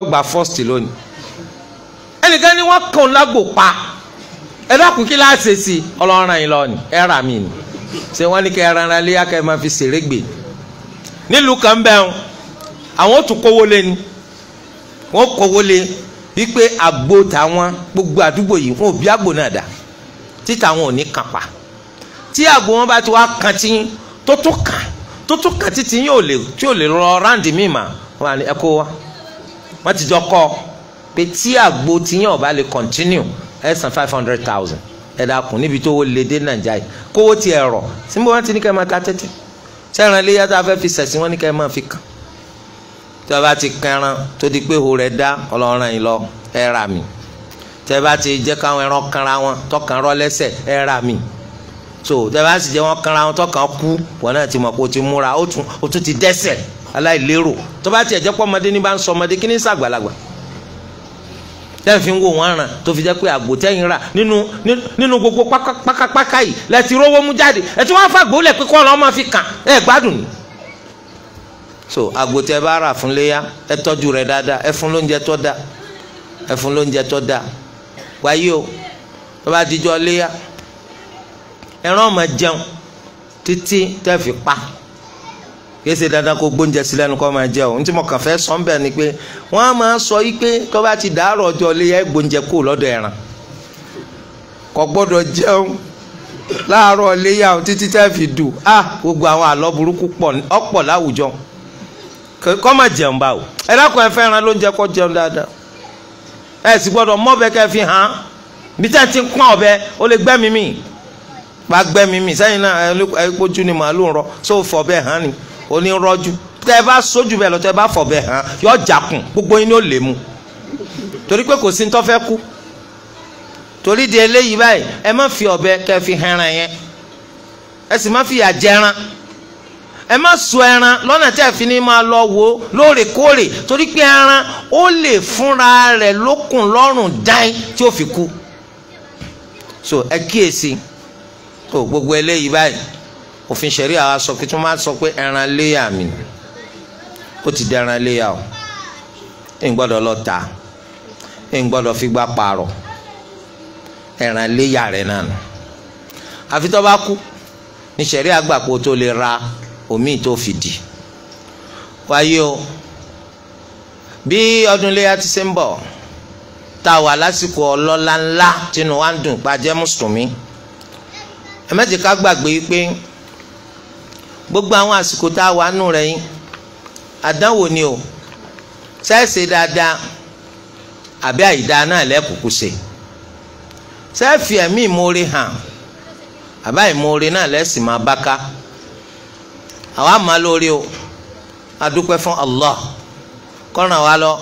gba first lónìí ẹnìkan ni wọ́n kàn lágbo pa ẹ dákun kí láà ṣe sí ọlọ́run yìí lọ ni ẹ rà mí ni ṣé wọ́n ní kí ẹ rárá lé akẹ́ máa fi ṣeré gbè nílùú kan bẹ́ẹ̀ àwọn tún kówó lé ni wọ́n kówó lé wípé àgbo tàwọn gbogbo àdúgbò yìí wọn ò bí náà dà títà wọn ò ní kàn pa tí àgbo wọn bá ti wá kàn tí tó tún kàn tó tún kàn títí yóò lè tí yóò lè rọ ráǹdì míì mà wọn à ní ẹ wa wọ́n ti jọ kọ́ pé tí àgbo tiyàn ọba lè continue ẹ five hundred thousand ẹ níbi tó le dé nàìjà yìí kówó ti ẹ̀rọ síbi wọ́n ti ní kẹ́ máa ta tẹ́tẹ́ sẹ́ran ilé yàtọ̀ afẹ́ fi sẹ̀sìn wọ́n ní kẹ́ máa fi kàn tí wọ́n bá ti kẹran tó di pé ho rẹ̀ dá ọlọ́run yìí lọ ẹ rà mí tí wọ́n bá ti jẹ́ káwọn ẹran kanra wọn tọkàn rọ lẹ́sẹ̀ ẹ rà mí so tí wọ́n bá sì jẹ́ wọn kanra wọn tọkàn kú wọn náà ti mọ̀ pé o ti múra o tún ti dẹ́sẹ̀ aláìlérò tó bá tiẹ̀ jẹ́ pọ́ ọmọdé ní bá ń sọ ọmọdé kí ní sàgbàlagbà tẹ́ẹ̀ fi ń wo wọn ràn tó fi jẹ́ pé àgbò tẹ́yìn rà nínú nínú gbogbo pákápáká yìí lẹ́tì rówó mú jáde ẹ̀ tí wọ́n fàgbó lẹ̀ pé kọ́ ọ̀nà ọmọ fi kàn ẹ̀ gbádùn ni. so àgbò tẹ́ bá rà fún léyà ẹ tọ́jú rẹ̀ dáadáa ẹ fún lóúnjẹ tó dáa ẹ fún lóúnjẹ tó dáa wáyé o tó bá dijọ́ léyà ẹran ọmọ jẹun títí tẹ́ fi pa kéésì dada kó gbóúnjẹ sí lẹ́nu kó máa jẹ o ntí mo kàn sọ ni pé a máa sọ yí pé ti dàárọ̀ ọjọ lé ẹ gbóúnjẹ kú lọdọ ẹran kọ gbọdọ jẹun láàárọ̀ léyà o títí tẹ́ fi ah, gbogbo àwọn àlọ́ burúkú ọ̀pọ̀ láwùjọ jẹun ẹ ẹ jẹun dáadáa ẹ sì mọ fi hàn ti lè náà ẹ ni màálù rọ onírọ́jú tẹ ẹ bá sójú bẹ́ẹ̀ lọ tẹ ẹ bá fọ̀ bẹ́ẹ̀ hàn yọ jàkùn gbogbo yín ni ó lè mu torí pé kò sí ní tọ́fẹ́ kú torí di eléyìí báyìí ẹ má fi ọ̀bẹ kẹ́ fi hẹran yẹn ẹ sì má fi yà jẹran ẹ má sọ ẹran lọ́nà tí àfi ní máa lọ wò ó lóòrèkóòrè torí pé ẹran ó lè fúnra rẹ̀ lókùn lọ́rùn dáin tí ó fi kú so ẹ kíyèsí tó gbogbo eléyìí báyìí òfin ṣẹ̀ríà wa sọ pé tí wọ́n máa sọ pé ẹran léyà mi ó ti di ẹran léyà o ń gbọ́dọ̀ lọ tà ń gbọ́dọ̀ figbá parọ̀ ẹran léyà rẹ̀ náà nù àfi tó bá kú ní ṣẹ̀ríà gbà pé o tó lè ra omi tó fi dì wáyé o bí ọdún léyà ti ṣe ń bọ̀ tá wà lásìkò ọlọ́lá ńlá tínú wa ń dùn pa jẹ́ mùsùlùmí ẹ gbàgbé pé. gbogbo àwọn àsìkò tá a wà nù rẹ̀ yín àdánwò ni o sẹ́ẹ̀sì dáadáa àbí àìdáa náà lẹ́kùkù ṣe sẹ́ẹ̀fì ẹ̀mí ìmoore hàn àbá ìmoore náà lẹ́sìn máa bá ká àwa máa lórí o adúpẹ́ fún Allah kọ́ràn wa lọ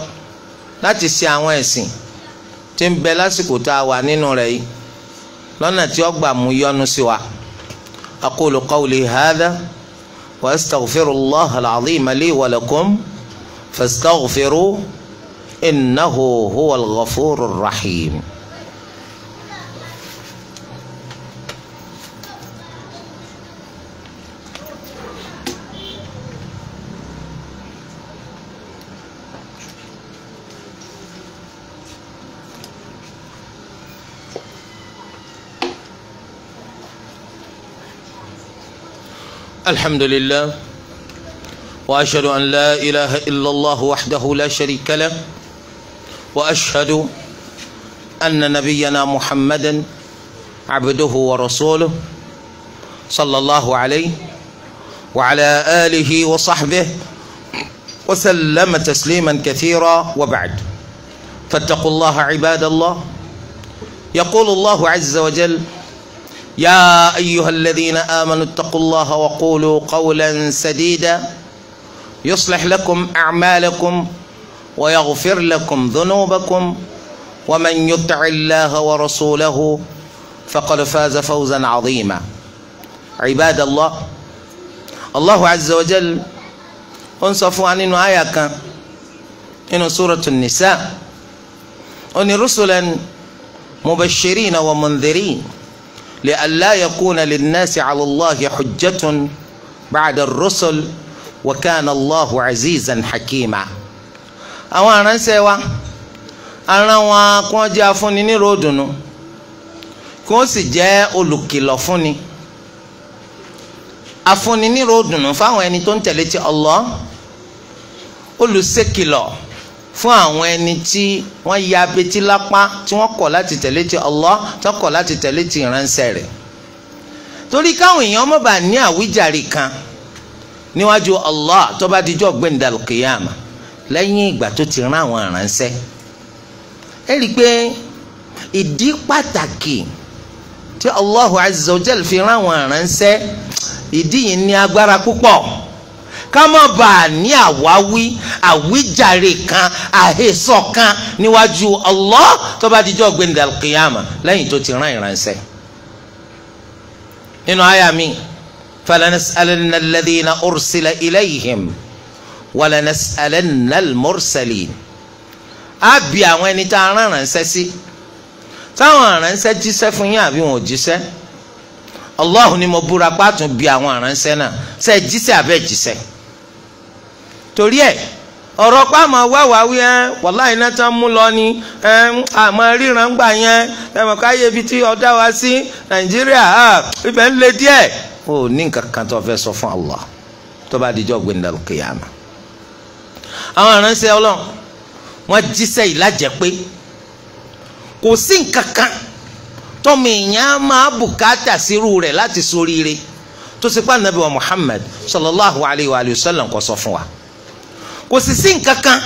láti ṣe àwọn ẹ̀sìn tí ń bẹ lásìkò tá a wà nínú rẹ̀ yìí lọ́nà tí ó gbà mú yọ́nú sí wa aqulu qawli hadha. وأستغفر الله العظيم لي ولكم فاستغفروا إنه هو الغفور الرحيم الحمد لله وأشهد أن لا إله إلا الله وحده لا شريك له وأشهد أن نبينا محمدا عبده ورسوله صلى الله عليه وعلى آله وصحبه وسلم تسليما كثيرا وبعد فاتقوا الله عباد الله يقول الله عز وجل يا أيها الذين آمنوا اتقوا الله وقولوا قولا سديدا يصلح لكم أعمالكم ويغفر لكم ذنوبكم ومن يطع الله ورسوله فقد فاز فوزا عظيما عباد الله الله عز وجل انصفوا عن انه آية كان انه سورة النساء أني رسلا مبشرين ومنذرين لئلا يكون للناس على الله حجة بعد الرسل وكان الله عزيزا حكيما àwọn aránṣẹ́ wa aràn wọn kí wọ́n jẹ́ afúnni nírò òdùnnú kí wọ́n sì jẹ́ olùkìlọ̀ fúnni afúnni nírò òdùnnú fáwọn ẹni tó ń tẹ̀lé ti Allah olùṣèkìlọ̀ fún àwọn ẹni tí wọ́n ya abetí lápá tí wọ́n kọ̀ láti tẹ̀lé ti Allah tó kọ̀ láti tẹ̀lé ti ìránṣẹ́ rẹ̀ torí káwọn èèyàn má bàa ní àwíjàre kan níwájú Allah tó bá dijọ́ gbẹ̀ndàlù kìyàmà lẹ́yìn ìgbà tó ti rán àwọn ìránṣẹ́ ẹ rí i pé ìdí pàtàkì tí Allahu azza fi rán àwọn ìránṣẹ́ ìdí yìí ní agbára púpọ̀ ká má bàa ní àwáwí àwíjàre kan àhesọ kan níwájú Allah tó bá dijọ́ gbẹ̀ndẹ̀ alqiyama lẹ́yìn tó ti rán ìránṣẹ́. nínú àyà mi falanas'alanna alladhina ursila ilayhim walanas'alanna almursalin á bi àwọn ẹni tá a rán ìránṣẹ́ sí táwọn ìránṣẹ́ jíṣẹ́ fún yín àbí wọn ò jíṣẹ́ Allahu ni mo búra pàtó bi àwọn ìránṣẹ́ náà ṣe jíṣẹ́ àbẹ́ jíṣẹ́ torí ẹ̀ ọ̀rọ̀ pa àmọ́ wá wá wí ẹ́ wọ́lá iná tán mú lọ ni àmọ́ ríran gbà yẹn ẹ̀mọ̀ káyé ibi tí ọ̀dá wa sí nàìjíríà ibẹ̀ ń le díẹ̀ ó ní nǹkan kan tó fẹ́ sọ fún Allah tó bá dijọ́ gbẹ̀ndà kìyàmà. àwọn aránṣẹ́ ọlọ́run wọ́n jíṣẹ́ ìlàjẹ́ pé kò sí nǹkan kan tọ́mọ èèyàn máa bùkátà sírú rẹ̀ láti soríire tó sì pa nàbí wa Muhammad sallallahu alayhi wa sallam kò sọ fún wa. kò sì sí nǹkan kan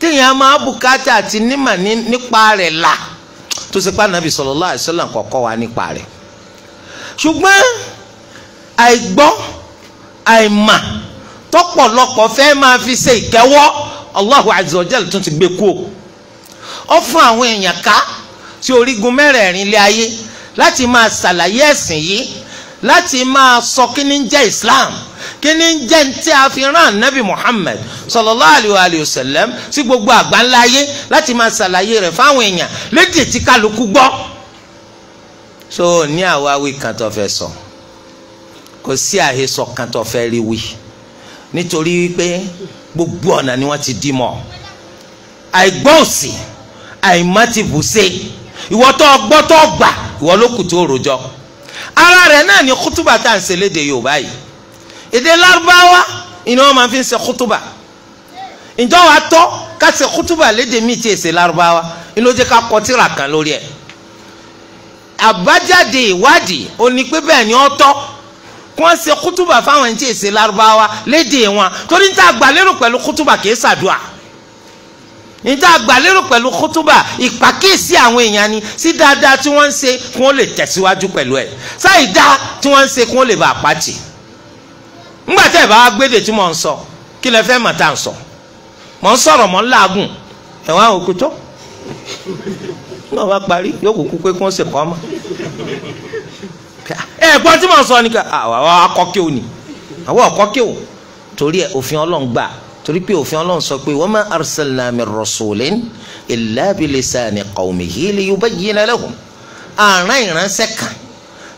téèyàn máa bùkátà àti nímà nípa rẹ̀ la tó ṣe pé anabi sallallahu alaihi wasallam kọ́kọ́ wa nípa rẹ̀ ṣùgbọ́n àìgbọ́ àìmà tọ́pọ̀lọpọ̀ fẹ́ máa fi ṣe ìkẹ́wọ́ Allahu azza wa jalla tún ti gbé kú ó fún àwọn èèyàn ká tí orígun mẹ́rẹ̀ẹ̀rin lé ayé láti máa ṣàlàyé ẹ̀sìn yìí láti máa sọ kí ni ń jẹ́ Islam kí ni jẹ́ ntí a fi rán anabi Muhammad sallallahu alayhi wa alayhi wa sallam sí gbogbo àgbáńlá ayé láti máa ṣàlàyé rẹ̀ fáwọn èèyàn lédè tí kálukú gbọ́. so ní àwáwí kan tó fẹ́ sọ kò sí àhesọ kan tó fẹ́ rí wí nítorí wípé gbogbo ọ̀nà ni wọ́n ti dì mọ́ àìgbọ́ òsì àìmọ́ ti bùṣe ìwọ tó gbọ́ tó gbà ìwọ ló kù tó rojọ́ ara rẹ̀ náà ni kútùbà tá à ń ṣe léde Yorùbá yìí èdè lárúbáwá iná wọn máa fi ń ṣe kútúbà ǹjọ́ wa tọ́ ká ṣe kútúbà léde míì tí èsè lárúbáwá inú jẹ́ ká kọ tírà kan lórí ẹ̀ àbájáde ìwádìí ó pé bẹ́ẹ̀ ni ó tọ́ kí wọ́n ṣe kútúbà fáwọn ẹni tí èsè lárúbáwá léde wọn torí ní tá a gbà lérò pẹ̀lú kútúbà kì í ṣàdúà ní tá a gbà lérò pẹ̀lú kútúbà ìpàkíyèsí àwọn èèyàn ni sí dáadáa tí wọ́n ń ṣe kí wọ́n lè tẹ̀síwájú pẹ̀lú ẹ̀ sáì dáa tí wọ́n ń ṣe kí wọ́n lè bá a pàtì ńgbà tẹ́ ẹ̀ bá gbédè tí mò ń sọ kí lẹ fẹ́ mọ̀ tá à ń sọ mò ń sọ̀rọ̀ mò ń làágùn ẹ̀wọ̀n àwọn òkú tó náà wá parí yóò kúkú pé kí wọ́n ṣe kọ́ ọ́ mọ́ ẹ gbọ́ tí mò ń sọ ni ká àwọn akọ́kẹ́ òní àwọn akọ́kẹ́ ò torí ẹ òfin ọlọ́run gbà torí pé òfin ọlọ́run sọ pé wa ma arsalna min rasulin illa bilisani qawmihi liyubayyina lahum àrùn ìránṣẹ́ kan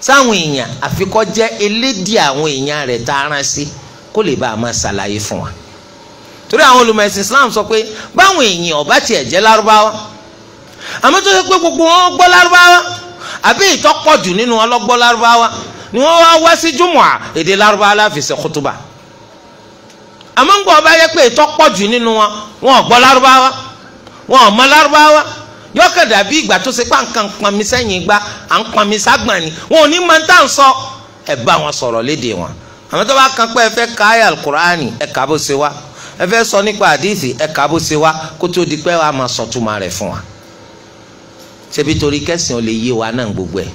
sáwọn èèyàn àfikọ́ jẹ́ elédìí àwọn èèyàn rẹ̀ tá a rán sí kó lè bá a máa ṣàlàyé fún wa torí àwọn olùmọ̀ẹ̀sìn Islam sọ pé báwọn èèyàn ọba tiẹ̀ jẹ́ lárúbáwá àmọ́ tó ṣe pé gbogbo wọn gbọ́ lárúbáwá àbí ìtọ́pọ̀jù nínú wọn lọ́gbọ́ lárúbáwá ni wọ́n wá wá sí jùmọ̀ èdè lárúbáwá láfi ṣe kútúbà àmọ́ ń gbọ́ ọba yẹ pé ìtọ́pọ̀jù nínú wọn wọn ò gbọ́ lárúbáwá wọn ò mọ lárúbáwá yọ kàn dàbí ìgbà tó ṣe pé à ń kàn pọnmi sẹ́yìn gbá à ń pọnmi ságbọ̀n ni wọn ò ní máa ń tà ń sọ ẹ bá wọn sọ̀rọ̀ léde wọn àmọ́ tó bá kan pé ẹ fẹ́ ka ayé alukur'ani ẹ kà bó ṣe wá ẹ fẹ́ sọ nípa àdìsí ẹ kà bó ṣe wá kó tó di pé wàá máa sọ̀túnmá rẹ̀ fún wa ṣebí torí kẹsàn-án lè yé wa náà gbogbo ẹ̀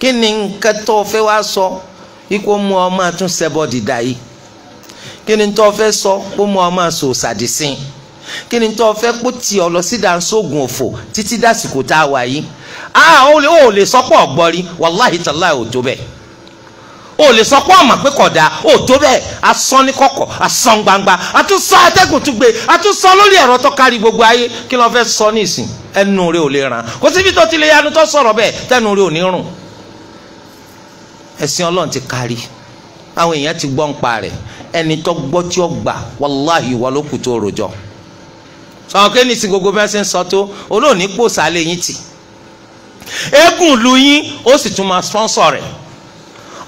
kí ni nǹkan tó fẹ́ wá sọ ikú mú ọ máa tún ṣẹbọ dìda yìí kí ni tó fẹ́ sọ kó mú ọ máa sọ òṣàdìsín. So, kí ni tó o fẹ́ kó tì ọ lọ sí dansógun òfò títí dàsìkò tá a wà yìí ah o lè o lè sọpọ̀ ọ̀gbọ́rí wàláhì tàláhì ò tó bẹ́ẹ̀ o lè sọpọ̀ ọ̀mà pé kódà ò tó bẹ́ẹ̀ asán ní kọ̀kọ̀ asán gbangba àtúnsọ atẹ́gùn tún gbé àtúnsọ lórí ẹ̀rọ tó kárí gbogbo ayé kí ló fẹ́ sọ ní ìsìn ẹnu rẹ ò lè ràn kó síbi tó ti lè yanu tó sọ̀rọ̀ bẹ́ẹ̀ tẹnu rẹ ò ní rùn ẹ̀sìn ọlọ́run ti kárí àwọn èèyàn ti gbọ́ ń pa rẹ̀ ẹni tó gbọ́ tí ó gbà wàláhì wà lókùtò òròjọ́ sọ̀rọ̀ kí ni ti gbogbo bẹ́ẹ̀ ṣe ń sọ tó olóòní pòsàlẹ̀ yín tì eégún lu yín ó sì tún máa sponsor rẹ̀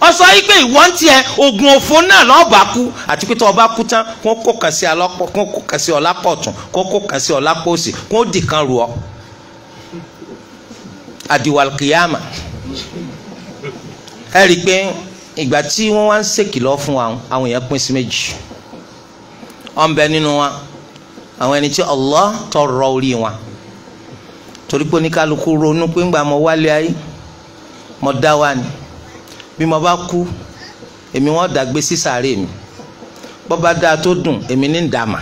ọ sọ yìí pé ìwọ ń tiẹ̀ oògùn òfo náà lọ́ọ̀bà kú àti pé tó ọba kú tán kó kó kàn sí ọlápọ̀ kó kó kàn sí ọlápọ̀ tún kó kó kàn sí ọlápọ̀ òsì kó dì kan rù ọ àdìwàlùkìyàmà ẹ rí i pé ìgbà tí wọ́n wá ń ṣèkìlọ̀ fún wa àwọn èèyàn pín sí méjì ọ̀nbẹ nínú wa àwọn ẹni tí Allah tó rọ orí wọn torí pé oníkálukú ronú pé ńgbà mo wálé ayé mo dá wà ní bí mo bá kú èmi wọn dàgbé sí sàárè mi bọ́ba dáa tó dùn èmi ní ń dàmà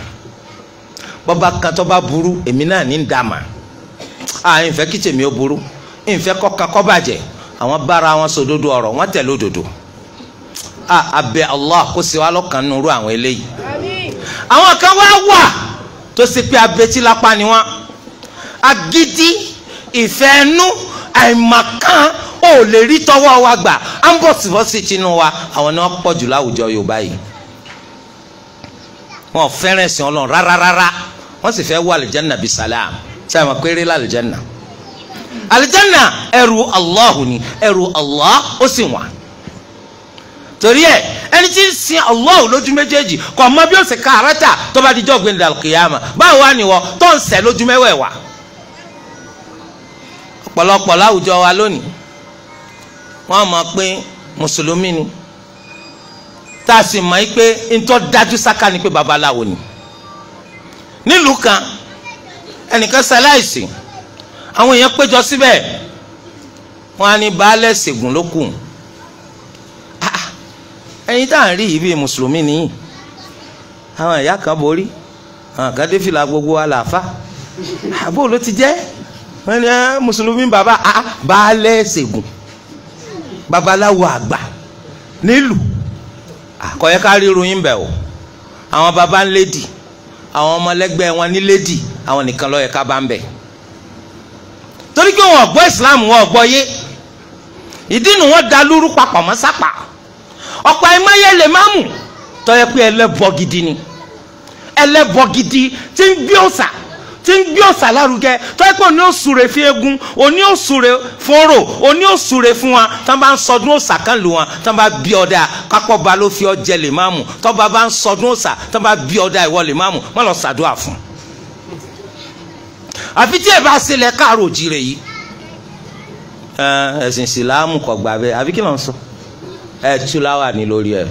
bọ́ba kan tó bá burú èmi náà ní ń dàmà à ìfẹ́ kí tèmi ó burú ìfẹ́ kọ́ka kó àwọn bára wọn sòdodo ọ̀rọ̀ wọn tẹ̀lé òdodo à abẹ́ Allah kó sì wá lọ́kàn nínú irú àwọn eléyìí àwọn kan wá wà tó ṣe pé abẹ́tí lápá ni wọ́n agídí ìfẹ́nú àìmọ̀kan ò lè rí tọwọ́ wa gbà á ń bọ̀ síbọ̀sí tinú wa àwọn náà pọ̀ jù láwùjọ Yorùbá yìí wọn ò fẹ́ràn ẹ̀sìn Ọlọ́run rárá rárá wọ́n sì fẹ́ wọ àlìjánà bíi sàlám sáà mọ̀ pé eré lálìjánà àlìjánà ẹrù Allahu ni ẹrù Allah ó sì wà torí ẹ ẹni tí ń sin Allah lójú méjèèjì kò mọ bí ó sì ka àràtà tó bá dijọ́ gbẹ̀ndà kìyàmà báwo wá nìwọ tó ń sẹ́ lójú mẹ́wẹ̀ẹ̀wà ọ̀pọ̀lọpọ̀ láwùjọ wa lónìí wọ́n mọ̀ pé mùsùlùmí ni tá a sì mọ̀ pé ntọ́ dájú sáká ni pé babaláwo ni nílùú kan ẹnìkan ṣaláìsí àwọn èèyàn péjọ síbẹ̀ wọ́n á ní baálé ṣègùn ló kù ẹ̀yin tá à ń rí yìí bíi mùsùlùmí nìyí àwọn ìyá kan borí àwọn kan dé fìlà gbogbo àlàáfà àbó ló ti jẹ́ mùsùlùmí bàbá ah, ah, baálé ṣègùn babaláwo àgbà nílùú àkọyẹ ká rí bẹ̀ o àwọn baba ń lédì àwọn ọmọlẹ́gbẹ́ wọn ní lédì àwọn nìkan ló yẹ ká bá ń bẹ̀ torí pé wọn ò gbọ́ ìsìláàmù wọn ò gbọ́ yé ìdí nu wọn da lúrú papọ̀ mọ́ sápà ọ̀pọ̀ ẹ̀máyé lè má mú tọ́yẹ pé ẹlẹ́bọ gidi ni ẹlẹ́bọ gidi tí ń gbé òòṣà tí ń gbé ọ̀sà lárugẹ tọ́yẹ́ pé òní òsùrè fún eégún òní òsùrè fún orò òní òsùrè fún wa tó bá ń sọdún òsà kan lù wọn tó bá bí ọ̀dà kápọ̀ ba ló fi ọjẹ lè má mú tó bá bá ń sọdún òsà tó bá bí ọ̀dà ìwọ lè má mú má lọ sàdúrà fún. àfi tí ẹ bá sílẹ̀ káàrò ẹ tú láwà ní lórí ẹ.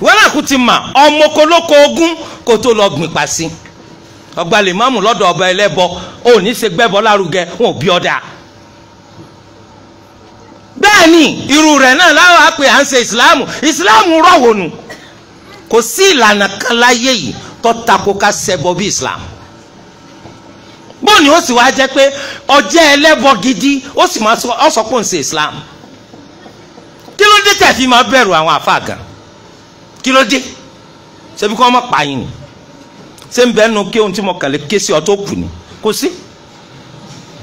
wàhálà kù ti mà ọmọ ogún kó tó lọ gbìn pàṣẹ ọgbà lè lọ́dọ̀ ọba ẹlẹ́bọ ní ṣe gbẹ́bọ lárugẹ wọn ò bí ọ̀dà. bẹ́ẹ̀ ni irú rẹ̀ náà láwọn àpè à ń ṣe ìsìláàmù ìsìláàmù kò sí bó ni ó sì wá jẹ́ pé ọjẹ́ ẹlẹ́bọ gidi ó sì máa sọ pé òun ṣe Islam kí ló dé tẹ̀ fi máa bẹ̀rù àwọn àfa gan kí ló dé ṣebí kí wọ́n máa pààyàn ni ṣé ń bẹ́ẹ̀ nu kí ohun tí mo kàn lè ké sí ọ tó kù ni kò sí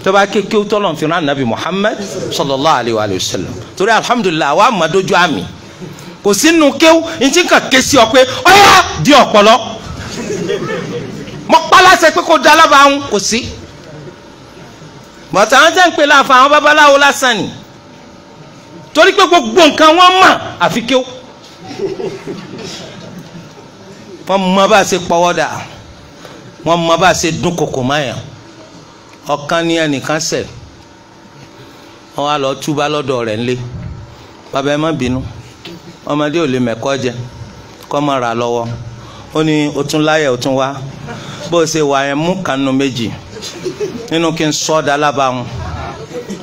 tọba kéke tọlọ nfinna anabi muhammed sallallahu alayhi wa sallam torí alhamdulilayi awa amadoju ami kò sínú kéw ntí nǹkan ké sí ọ pé ọyá di ọpọlọ mo paláṣẹ pé kó da alábàáhùn kò sí bàtà wọn jẹ́ ń pè láàfà àwọn babaláwo lásán ni torí pé gbogbo nǹkan wọn mọ̀ àfi kí ó wọn mọ bá a ṣe pọwọ́ dà wọn mọ bá a ṣe dún kòkò máyà ọ̀kan ní ẹnìkan ṣẹ̀ wọn wá lọ túbá lọ́dọ̀ rẹ̀ ńlẹ̀ bàbá ẹ má bínú ọmọdé ò lè mẹ́kọ́ jẹ kọ́ máa rà lọ́wọ́ ó ní o tún láyẹ̀ o tún wá bó o ṣe wà yẹn mú kanu méjì nínú kí n sọ ọdọ alábàáhùn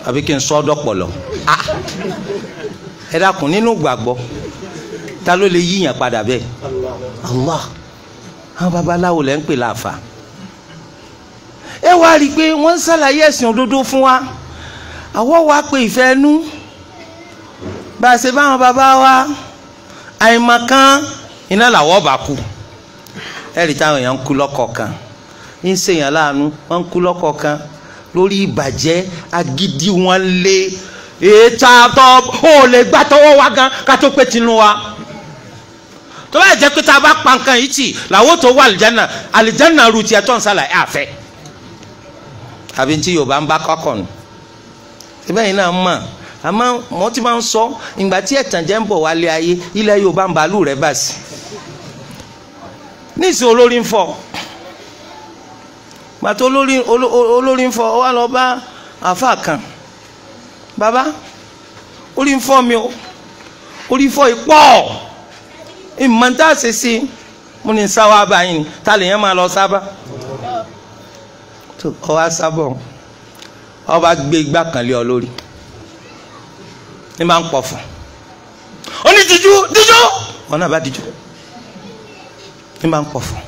àbí kí n sọ ọdọ pọlọ ah ẹ dákun nínú gbàgbọ́ ta ló lè yíyàn padà bẹ́ẹ̀ Allah àwọn babaláwo lẹ ń pè láàfà ẹ wá rí i pé wọ́n ń ṣàlàyé ẹ̀sìn òdodo fún wa àwọ̀ wa pé ìfẹ́ ẹnu bá báwọn baba wa àìmọ̀kan iná làwọ̀ bá kú ẹ̀rí táwọn èèyàn ń kú lọ́kọ̀ọ̀kan ń ṣèyàn láàánú wọ́n ń kú lọ́kọ̀ọ̀kan lórí ìbàjẹ́ agídí wọn lé ètò àtọ ò lè gbà tọwọ́ wa gan ká tó pé tinú wa tó bá jẹ́ pé tá a bá pa nǹkan yìí tì làwọn tó wà àlìjánà àlìjánà ru tiẹ̀ tó ń sàlàyé àfẹ́ àbí tí Yorùbá ń bá kọ́kọ̀ nù síbẹ̀ yìí náà mọ̀ àmọ́ mo ti máa ń sọ ìgbà tí ẹ̀tànjẹ́ ń bọ̀ wálé ayé ilẹ̀ Yorùbá ń balù rẹ̀ bá sí i nísìnyí olórí ń fọ gbàtà olórí olórí ń fọ ọ wà lọ bá àfa kan baba orí ń fọ mi o orí fọ ìpọ ìmọ̀ntà ṣèṣe mo ní sáwọ́ abayín ni ta lè yẹn máa lọ sábà ọ wá sábọ̀ ọba gbé igbá kan lé ọ lórí ní máa ń pọ̀ fún un ní díjú díjú wọn náà bá díjú. ní bá ń pọ̀ fún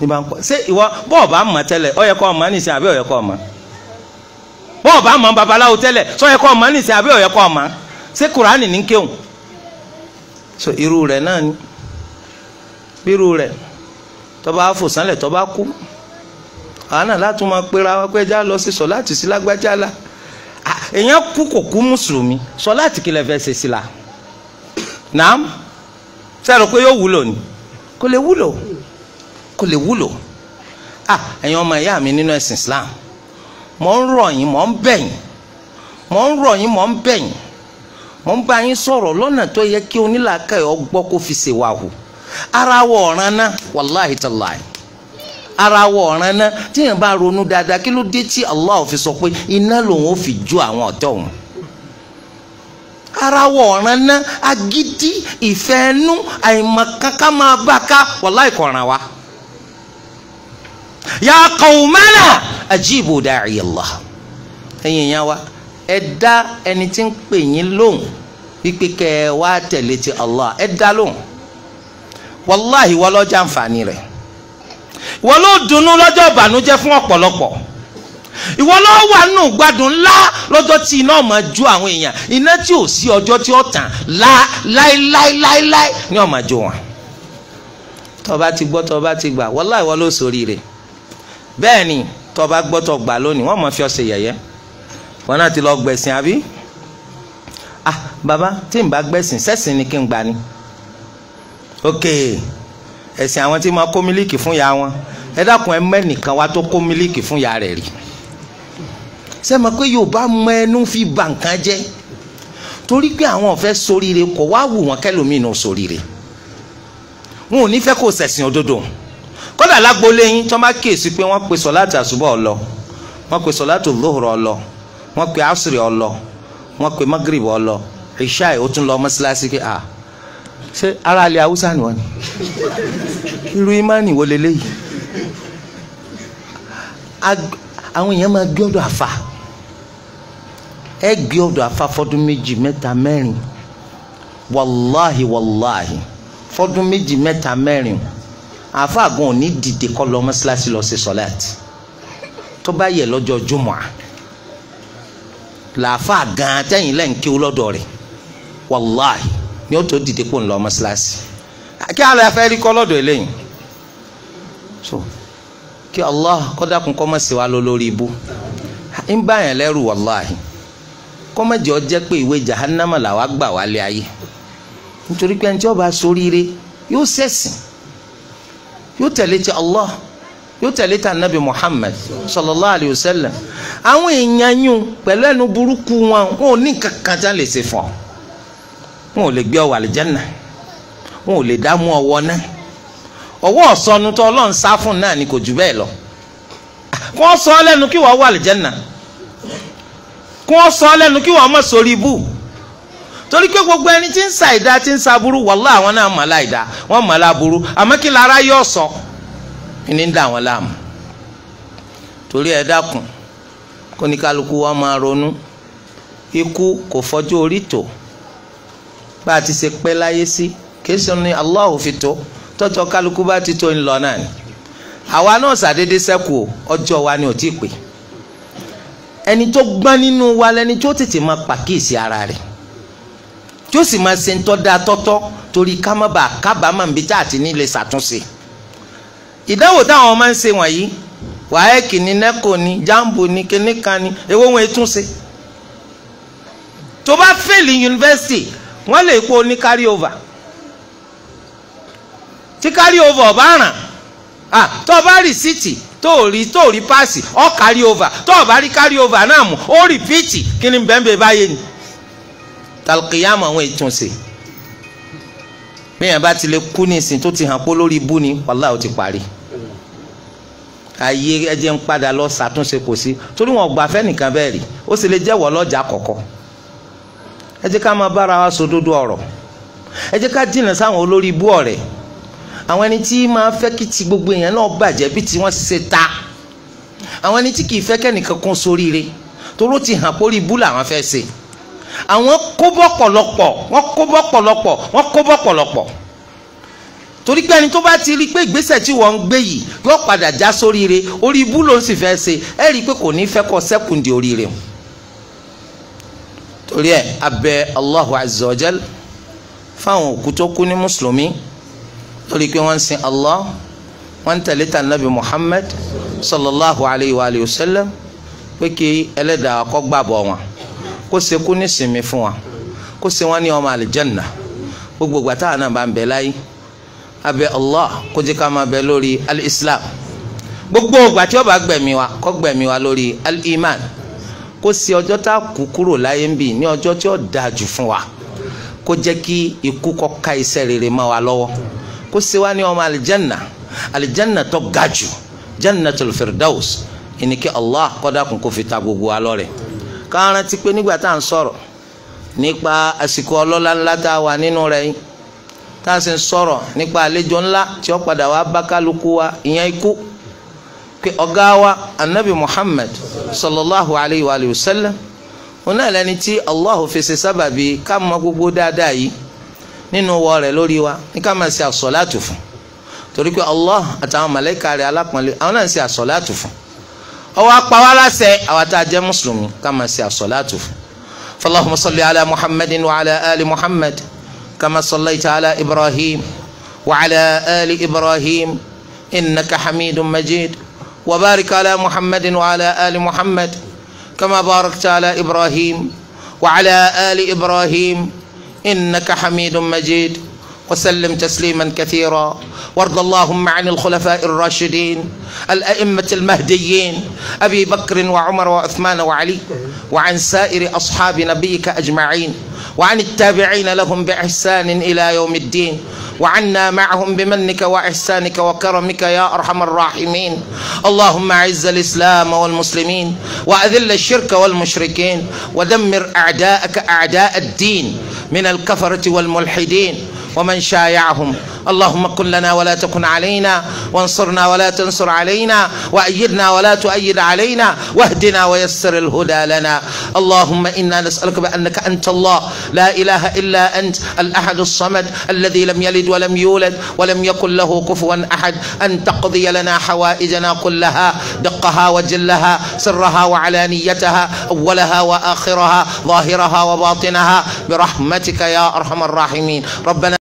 ní bá ń pọ̀ ṣé ìwọ bọ́ọ̀ bá tẹ́lẹ̀ ọ yẹ ọmọ mọ̀ nísìn àbí ó yẹ kó ọmọ babaláwo tẹ́lẹ̀ sọ yẹ àbí yẹ ṣé kùránì ní so irú náà ni fò kú àánà láti máa pera pé já lọ sí sí lágbájá la èèyàn kú kò kú mùsùlùmí kò lè wúlò a ah, ẹ̀yin ọmọ ìyá mi nínú ẹ̀sìn Islam mọ̀ ń rọ̀ yín mọ̀ ń bẹ̀ yín mò ń rọ̀ yín mọ̀ ń bẹ̀ yín mò ń bá yín sọ̀rọ̀ lọ́nà tó yẹ kí onílàákà ẹ̀ ọgbọ́ kó fi ṣèwà hù ara wọ ọ̀ràn náà wàláhì tàláì ara wọ ọ̀ràn náà tíyẹn bá ronú dáadáa kí ló dé tí Allah fi sọ pé iná lòun ò fi jó àwọn ọ̀tọ̀ òun ara wọ ọ̀ràn náà agídí ìfẹ́ ẹnu àìmọ̀kankan máa bá a ká wàláhì kọ̀ràn wa. ya qaumana ajibu da'i Allah ẹ̀yin yẹn wa ẹ dá ẹni tí ń pè yín lóhùn wípé kẹ ẹ wá tẹ̀lé ti Allah ẹ dá lóhùn wàláhì wọ́n lọ́jà àǹfààní rẹ̀ ìwọ ló dunnú lọ́jọ́ ìbànújẹ́ fún ọ̀pọ̀lọpọ̀ ìwọ ló wà nù gbádùn ńlá lọ́jọ́ tí iná máa jó àwọn èèyàn iná tí ò sí ọjọ́ tí ó tàn lá láéláéláéláé ni ó máa wọn tó ti gbọ́ tó ti gbà wàláhì wọ́n ló sóríire. So bẹ́ẹ̀ ni tọba gbọ́tọ̀ gbà lónìí wọ́n mọ̀ fi ọ ṣe yẹ̀yẹ́ wọn náà ti lọ gbẹ̀sìn àbí ah baba tí n bá gbẹ̀sìn sẹ́sìn ni kí n gbà ni ok ẹ̀sìn àwọn tí máa kó mílíkì fún ya wọn ẹ dákun ẹ mẹ́nìkan wá tó kó mílíkì fún ya rẹ̀ rí sẹ́mi pé yorùbá mọ ẹnu fi bà nǹkan jẹ́ torí pé àwọn ò fẹ́ soríire kò wá wù wọ́n kẹ́lòmíì náà soríire wọn ò ní fẹ́ kó sẹ̀sìn òdodo kódà lágboolé yín tí wọ́n bá kíyèsí pé wọ́n pe sọ̀láàtì àṣùbọ̀ ọ̀lọ́ wọ́n pe sọ̀láàtì òlóhùrọ̀ ọ̀lọ́ wọ́n pe asiri ọ̀lọ́ wọ́n pe magrib ọ̀lọ́ ìṣáì ó tún lọ mọ́sálásí pé ah ṣé ara ilẹ̀ haúsá ni wọ́n ni irú imáàni wo leléyìí àwọn èèyàn máa gbé ọ̀dọ̀ àfa ẹ gbé ọ̀dọ̀ àfa fọdún méjì mẹ́ta mẹ́rin wàláhì wàláhì fọdún méjì mẹ́ta mẹ́rin o àfa àgbọn ò dìde lọ si lọ sí sọ́láàtì tó bá yẹ lọ́jọ́ jùmọ̀ làáfà gan tẹ́yìn lẹ́yìn kí ó wàláì ni ó tó dìde kó ń lọ mọ́ṣáláṣí kí àlọ́ ẹ fẹ́ rí eléyìí so kí Allah kọ́dákun kọ́ mọ̀ sí wa lọ lórí ibú ń bá yẹn lẹ́rù wàláì kọ́mọ̀jẹ́ ọ jẹ́ pé ìwé jahannama làwa gbà wálé ayé nítorí pé ẹni tí bá yóò yóò tẹ̀lé ti Allah yóò tẹ̀lé ti anabi Muhammad sallallahu alayhi wa sallam àwọn èèyàn yún pẹ̀lú ẹnu burúkú wọn wọn ò ní kankan tá lè ṣe fún ọ wọn ò lè gbé ọ wà àlìjánà wọn ò lè dámú ọwọ́ náà ọwọ́ ọ̀sọ́nu tó ọlọ́run sá fún náà ni kò jù bẹ́ẹ̀ lọ kó wọ́n sọ ọ lẹ́nu kí wọ́n wà àlìjánà kó sọ ọ lẹ́nu kí wọ́n má sórí ibú torí pé gbogbo ẹni tí ń sa ìdá tí ń sa burú wàlá àwọn náà mọ̀ láìdá wọ́n mọ̀ láburú àmọ́ kí lára yóò sọ ìní ń dà wọ́n láàmú torí ẹ dákun kó ní kálukú wa máa ronú ikú kò fọjọ́ orí tó bá a ti ṣe pẹ́ láyé sí kìí ni Allah fi tó tọ́jọ́ kálukú bá ti tó ń lọ náà ni àwa náà ṣàdédé ṣẹ́kù ọjọ́ wa ni ò tí ì pé ẹni tó gbọ́n nínú wa lẹni tó tètè máa pàkíyèsí ara rẹ̀ tí ó sì máa ṣe ń tọ́ da tọ́tọ́ torí ká má bàa kábàámọ̀ níbi tá a ti ní lè ṣàtúnṣe ìdánwò táwọn máa ń ṣe wọ̀nyí wàhẹ́ẹ̀kì ni nẹ́kò ni jambo ni kíníkan ni èwo wọn ètún ṣe tó bá fẹ́ẹ̀lì yunifásitì wọ́n lè kó ní carry over tí carry over ọ̀bá ràn ah tó o bá rìsíìtì tó o rí tó o rí páàsì ọ̀ carry over tó o bá rí carry over náà mú ó rìpíìtì kí ni bẹ́ẹ̀ bẹ́ẹ̀ báyé ni talqiyam àwọn ìtúnṣe bẹ́ẹ̀ bá ti lè kú ní ìsìn tó ti hàn pé lórí ibú ni wàhálà ó ti parí ayé ẹjẹ ń padà lọ ṣàtúnṣe kò sí torí wọn gbà fẹ́ nìkan bẹ́ẹ̀ rí ó sì lè jẹ́wọ́ lọ́jà kọ̀kọ́ ẹ jẹ́ ká máa bára wa sòdodo ọ̀rọ̀ ẹ jẹ́ ká jìnnà sáwọn olórí ibú ọ̀rẹ́ àwọn ẹni tí máa fẹ́ kí ti gbogbo èèyàn náà bàjẹ́ bí tí wọ́n ṣe ta àwọn ẹni tí kì í fẹ́ kẹ́nìkan kún sóríire toró ti hàn pórí ibú làwọn fẹ́ ṣe àwọn kó bọ́ pọ̀lọpọ̀ wọ́n kó bọ́ pọ̀lọpọ̀ wọ́n kó bọ́ pọ̀lọpọ̀ torí pé ẹni tó bá ti rí i pé ìgbésẹ̀ tí wọ́n ń gbé yìí yóò padà já sóríire orí ibú ló ń sì fẹ́ ṣe ẹ rí i pé kò ní fẹ́ kọ́ sẹ́kùndì oríire o torí ẹ abẹ Allahu azza wa jal fáwọn òkú tó kú ní mùsùlùmí lórí pé wọ́n ń sin Allah wọ́n ń tẹ̀lé ta nabi Muhammad sallallahu alayhi wa sallam pé kí ẹlẹ́dàá kó gbàbọ̀ wọn kó sekú ní sinmi fún wa kó ṣe wọ́n ní ọmọ gbogbo gbàtà náà bá ń bẹ láyé abẹ Allah kó jẹ́ ká máa bẹ lórí al-Islam gbogbo ìgbà tí ó bá gbẹ̀mí wa kó gbẹ̀mí wa lórí al-Iman kó ṣe ọjọ́ tá a kú kúrò láyé ń bì ní ọjọ́ tí ó dáa jù fún wa kó jẹ́ kí ikú kó ká iṣẹ́ rere mọ́ wa lọ́wọ́ kó ṣe wá ní ọmọ àlìjẹ́nà àlìjẹ́nà tó ga jù Jannatul Firdaus Allah kó dákun kó fi ta gbogbo wa lọ́rẹ̀ẹ́ ká rántí pé nígbà tá à ń sọ̀rọ̀ nípa àsìkò ọlọ́lá ńlá tá a wà nínú rẹ̀ yìí tá a sì ń sọ̀rọ̀ nípa àlejò ńlá tí ó padà wá bá kálukú wa ìyẹn ikú pé ọ̀gá wa anabi Muhammad sallallahu alayhi wa sallam òun náà lẹni tí Allah fèsì sábàbí ká mọ gbogbo dáadáa yìí nínú wọ rẹ̀ lórí wa ní ká máa ṣe àsọ̀láàtù fún torí pé Allah àtàwọn màlàíkà rẹ̀ alápọ̀nlé àwọn náà ń ṣe àsọ̀láàtù fún او اقوالا سي او تاج مسلم كما سي او صلاته فاللهم صل على محمد وعلى ال محمد كما صليت على ابراهيم وعلى ال ابراهيم انك حميد مجيد وبارك على محمد وعلى ال محمد كما باركت على ابراهيم وعلى ال ابراهيم انك حميد مجيد وسلم تسليما كثيرا وارض اللهم عن الخلفاء الراشدين الأئمة المهديين أبي بكر وعمر وعثمان وعلي وعن سائر أصحاب نبيك أجمعين وعن التابعين لهم بإحسان إلى يوم الدين وعنا معهم بمنك وإحسانك وكرمك يا أرحم الراحمين اللهم أعز الإسلام والمسلمين وأذل الشرك والمشركين ودمر أعداءك أعداء الدين من الكفرة والملحدين ومن شايعهم اللهم كن لنا ولا تكن علينا وانصرنا ولا تنصر علينا وأيدنا ولا تؤيد علينا واهدنا ويسر الهدى لنا اللهم إنا نسألك بأنك أنت الله لا إله إلا أنت الأحد الصمد الذي لم يلد ولم يولد ولم يكن له كفوا أحد أن تقضي لنا حوائجنا كلها دقها وجلها سرها وعلانيتها أولها وآخرها ظاهرها وباطنها برحمتك يا أرحم الراحمين ربنا